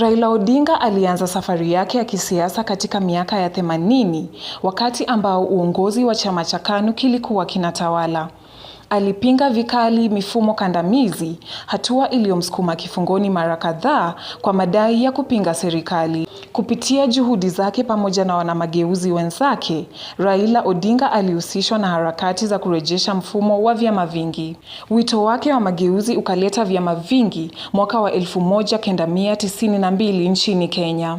Raila Odinga alianza safari yake ya kisiasa katika miaka ya themanini wakati ambao uongozi wa chama cha KANU kilikuwa kinatawala. Alipinga vikali mifumo kandamizi, hatua iliyomsukuma kifungoni mara kadhaa kwa madai ya kupinga serikali. Kupitia juhudi zake pamoja na wanamageuzi wenzake, Raila Odinga alihusishwa na harakati za kurejesha mfumo wa vyama vingi. Wito wake wa mageuzi ukaleta vyama vingi mwaka wa 1992 nchini Kenya.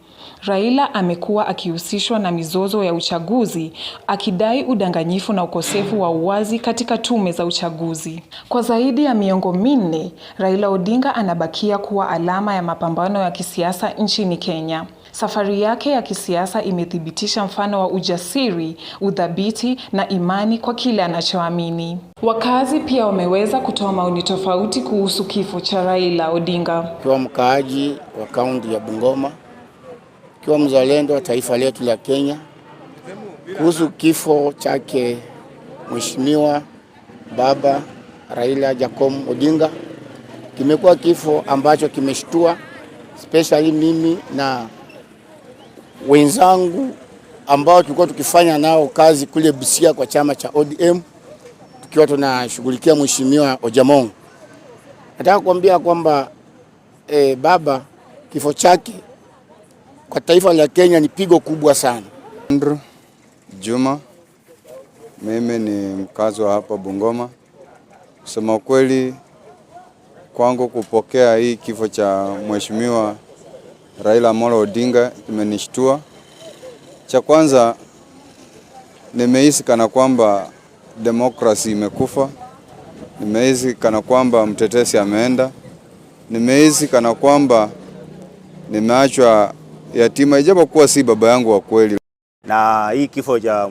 Raila amekuwa akihusishwa na mizozo ya uchaguzi akidai udanganyifu na ukosefu wa uwazi katika tume za uchaguzi. Kwa zaidi ya miongo minne, Raila Odinga anabakia kuwa alama ya mapambano ya kisiasa nchini Kenya. Safari yake ya kisiasa imethibitisha mfano wa ujasiri, uthabiti na imani kwa kile anachoamini. Wakazi pia wameweza kutoa maoni tofauti kuhusu kifo cha Raila Odinga. Kwa mkaaji wa kaunti ya Bungoma kiwa mzalendo wa taifa letu la Kenya. Kuhusu kifo chake Mheshimiwa Baba Raila Jacob Odinga, kimekuwa kifo ambacho kimeshtua especially mimi na wenzangu ambao tulikuwa tukifanya nao kazi kule Busia kwa chama cha ODM tukiwa tunashughulikia Mheshimiwa Ojamong. Nataka kuambia kwamba eh, baba kifo chake kwa taifa la Kenya ni pigo kubwa sana. Andrew Juma, mimi ni mkazi wa hapa Bungoma. Kusema kweli, kwangu kupokea hii kifo cha mheshimiwa Raila Amolo Odinga kimenishtua. Cha kwanza nimehisi kana kwamba demokrasi imekufa, nimehisi kana kwamba mtetesi ameenda, nimehisi kana kwamba nimeachwa yatima, ijapokuwa si baba yangu wa kweli. Na hii kifo cha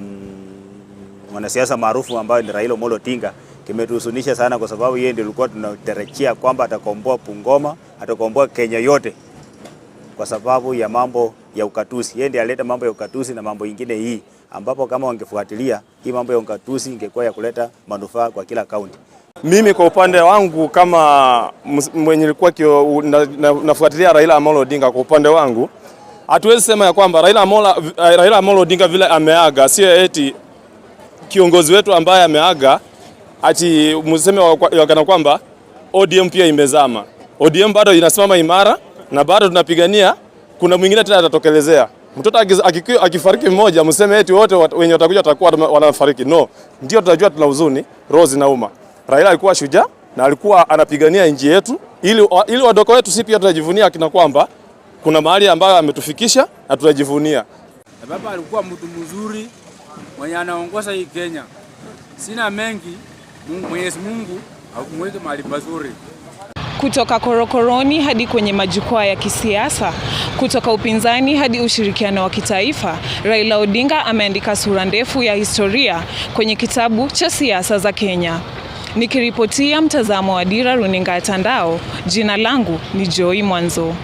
mwanasiasa maarufu ambayo ni Raila Molo Tinga kimetuhuzunisha sana, kwa sababu yeye ndiye tulikuwa tunatarajia kwamba atakomboa Pungoma, atakomboa Kenya yote, kwa sababu ya mambo ya ukatusi. Yeye ndiye aleta mambo ya ukatusi na mambo ingine hii, ambapo kama wangefuatilia hii mambo ya ukatusi ingekuwa ya kuleta manufaa kwa kila kaunti. Mimi kwa upande wangu kama mwenye nilikuwa nafuatilia na, na Raila Amolo Odinga kwa upande wangu hatuwezi sema ya kwamba Raila Amolo, eh, Raila Amolo Odinga vile ameaga, sio eti kiongozi wetu ambaye ameaga ati mseme wakana kwamba ODM pia imezama. ODM bado inasimama imara na bado tunapigania. Kuna mwingine tena atatokelezea mtoto akifariki mmoja, mseme eti wote wenye watakuja watakuwa wanafariki. No, ndio tutajua tuna huzuni, roho zinauma. Raila alikuwa shujaa na alikuwa anapigania nchi yetu ili, ili wadoko wetu si pia tunajivunia kina kwamba kuna mahali ambayo ametufikisha na tunajivunia. Baba alikuwa mtu mzuri mwenye anaongoza hii Kenya. Sina mengi, Mwenyezi Mungu akumweke mahali pazuri. Kutoka korokoroni hadi kwenye majukwaa ya kisiasa, kutoka upinzani hadi ushirikiano wa kitaifa, Raila Odinga ameandika sura ndefu ya historia kwenye kitabu cha siasa za Kenya. Nikiripotia mtazamo wa Dira Runinga ya Tandao, jina langu ni Joy Mwanzo.